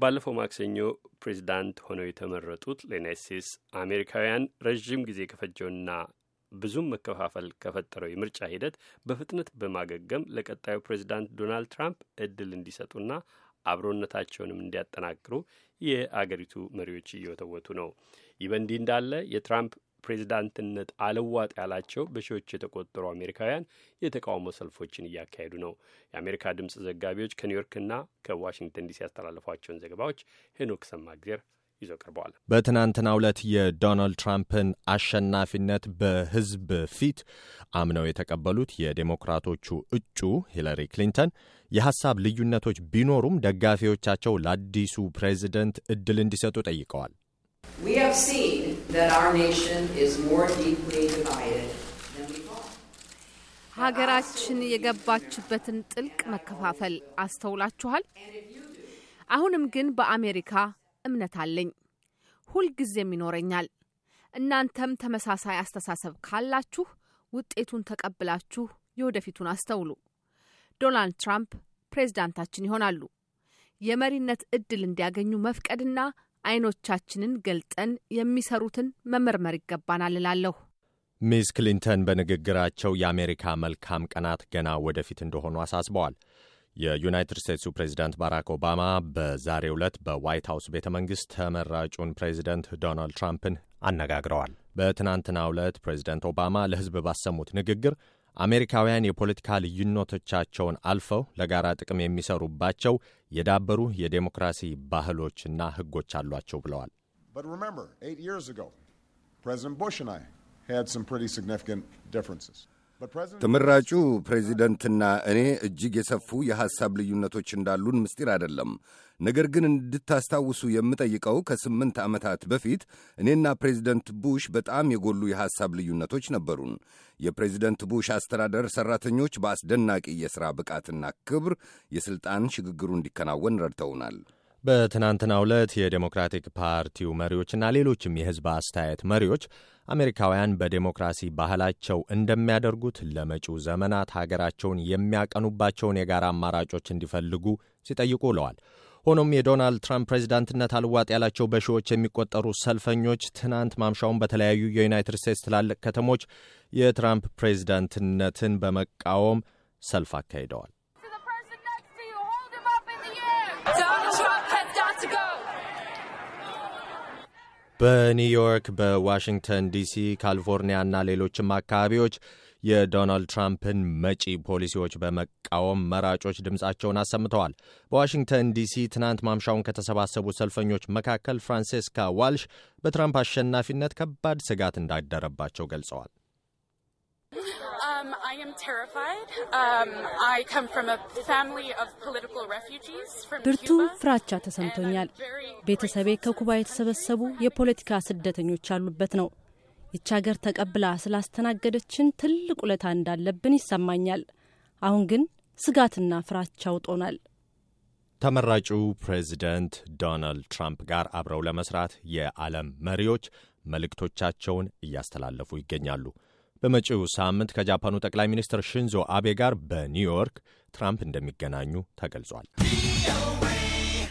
ባለፈው ማክሰኞ ፕሬዚዳንት ሆነው የተመረጡት ለዩናይት ስቴትስ አሜሪካውያን ረዥም ጊዜ ከፈጀውና ብዙም መከፋፈል ከፈጠረው የምርጫ ሂደት በፍጥነት በማገገም ለቀጣዩ ፕሬዚዳንት ዶናልድ ትራምፕ እድል እንዲሰጡና አብሮነታቸውንም እንዲያጠናክሩ የአገሪቱ መሪዎች እየወተወቱ ነው። ይህ በእንዲህ እንዳለ የትራምፕ ፕሬዚዳንትነት አልዋጥ ያላቸው በሺዎች የተቆጠሩ አሜሪካውያን የተቃውሞ ሰልፎችን እያካሄዱ ነው። የአሜሪካ ድምፅ ዘጋቢዎች ከኒውዮርክና ከዋሽንግተን ዲሲ ያስተላለፏቸውን ዘገባዎች ሄኖክ ሰማግዜር ይዞ ቀርበዋል። በትናንትናው ዕለት የዶናልድ ትራምፕን አሸናፊነት በሕዝብ ፊት አምነው የተቀበሉት የዴሞክራቶቹ እጩ ሂለሪ ክሊንተን የሐሳብ ልዩነቶች ቢኖሩም ደጋፊዎቻቸው ለአዲሱ ፕሬዚደንት ዕድል እንዲሰጡ ጠይቀዋል። We have seen that our nation is more deeply divided ሀገራችን የገባችበትን ጥልቅ መከፋፈል አስተውላችኋል? አሁንም ግን በአሜሪካ እምነት አለኝ፣ ሁልጊዜም ይኖረኛል። እናንተም ተመሳሳይ አስተሳሰብ ካላችሁ ውጤቱን ተቀብላችሁ የወደፊቱን አስተውሉ። ዶናልድ ትራምፕ ፕሬዝዳንታችን ይሆናሉ። የመሪነት እድል እንዲያገኙ መፍቀድና አይኖቻችንን ገልጠን የሚሰሩትን መመርመር ይገባናል እላለሁ። ሚስ ክሊንተን በንግግራቸው የአሜሪካ መልካም ቀናት ገና ወደፊት እንደሆኑ አሳስበዋል። የዩናይትድ ስቴትሱ ፕሬዚዳንት ባራክ ኦባማ በዛሬ ዕለት በዋይት ሀውስ ቤተ መንግሥት ተመራጩን ፕሬዚደንት ዶናልድ ትራምፕን አነጋግረዋል። በትናንትናው ዕለት ፕሬዚደንት ኦባማ ለሕዝብ ባሰሙት ንግግር አሜሪካውያን የፖለቲካ ልዩነቶቻቸውን አልፈው ለጋራ ጥቅም የሚሰሩባቸው የዳበሩ የዴሞክራሲ ባህሎችና ሕጎች አሏቸው ብለዋል። ቡሽ ተመራጩ ፕሬዚደንትና እኔ እጅግ የሰፉ የሐሳብ ልዩነቶች እንዳሉን ምስጢር አይደለም። ነገር ግን እንድታስታውሱ የምጠይቀው ከስምንት ዓመታት በፊት እኔና ፕሬዚደንት ቡሽ በጣም የጎሉ የሐሳብ ልዩነቶች ነበሩን። የፕሬዚደንት ቡሽ አስተዳደር ሠራተኞች በአስደናቂ የሥራ ብቃትና ክብር የሥልጣን ሽግግሩ እንዲከናወን ረድተውናል። በትናንትናው ዕለት የዴሞክራቲክ ፓርቲው መሪዎችና ሌሎችም የህዝብ አስተያየት መሪዎች አሜሪካውያን በዴሞክራሲ ባህላቸው እንደሚያደርጉት ለመጪው ዘመናት ሀገራቸውን የሚያቀኑባቸውን የጋራ አማራጮች እንዲፈልጉ ሲጠይቁ ውለዋል። ሆኖም የዶናልድ ትራምፕ ፕሬዚዳንትነት አልዋጥ ያላቸው በሺዎች የሚቆጠሩ ሰልፈኞች ትናንት ማምሻውን በተለያዩ የዩናይትድ ስቴትስ ትላልቅ ከተሞች የትራምፕ ፕሬዚዳንትነትን በመቃወም ሰልፍ አካሂደዋል። በኒውዮርክ፣ በዋሽንግተን ዲሲ፣ ካሊፎርኒያ እና ሌሎችም አካባቢዎች የዶናልድ ትራምፕን መጪ ፖሊሲዎች በመቃወም መራጮች ድምፃቸውን አሰምተዋል። በዋሽንግተን ዲሲ ትናንት ማምሻውን ከተሰባሰቡ ሰልፈኞች መካከል ፍራንሴስካ ዋልሽ በትራምፕ አሸናፊነት ከባድ ስጋት እንዳደረባቸው ገልጸዋል። Um, I am terrified. Um, I come from a family of political refugees from ብርቱ ፍራቻ ተሰምቶኛል። ቤተሰቤ ከኩባ የተሰበሰቡ የፖለቲካ ስደተኞች ያሉበት ነው። ይች ሀገር ተቀብላ ስላስተናገደችን ትልቅ ውለታ እንዳለብን ይሰማኛል። አሁን ግን ስጋትና ፍራቻ ውጦናል። ተመራጩ ፕሬዚደንት ዶናልድ ትራምፕ ጋር አብረው ለመስራት የዓለም መሪዎች መልእክቶቻቸውን እያስተላለፉ ይገኛሉ። በመጪው ሳምንት ከጃፓኑ ጠቅላይ ሚኒስትር ሽንዞ አቤ ጋር በኒውዮርክ ትራምፕ እንደሚገናኙ ተገልጿል።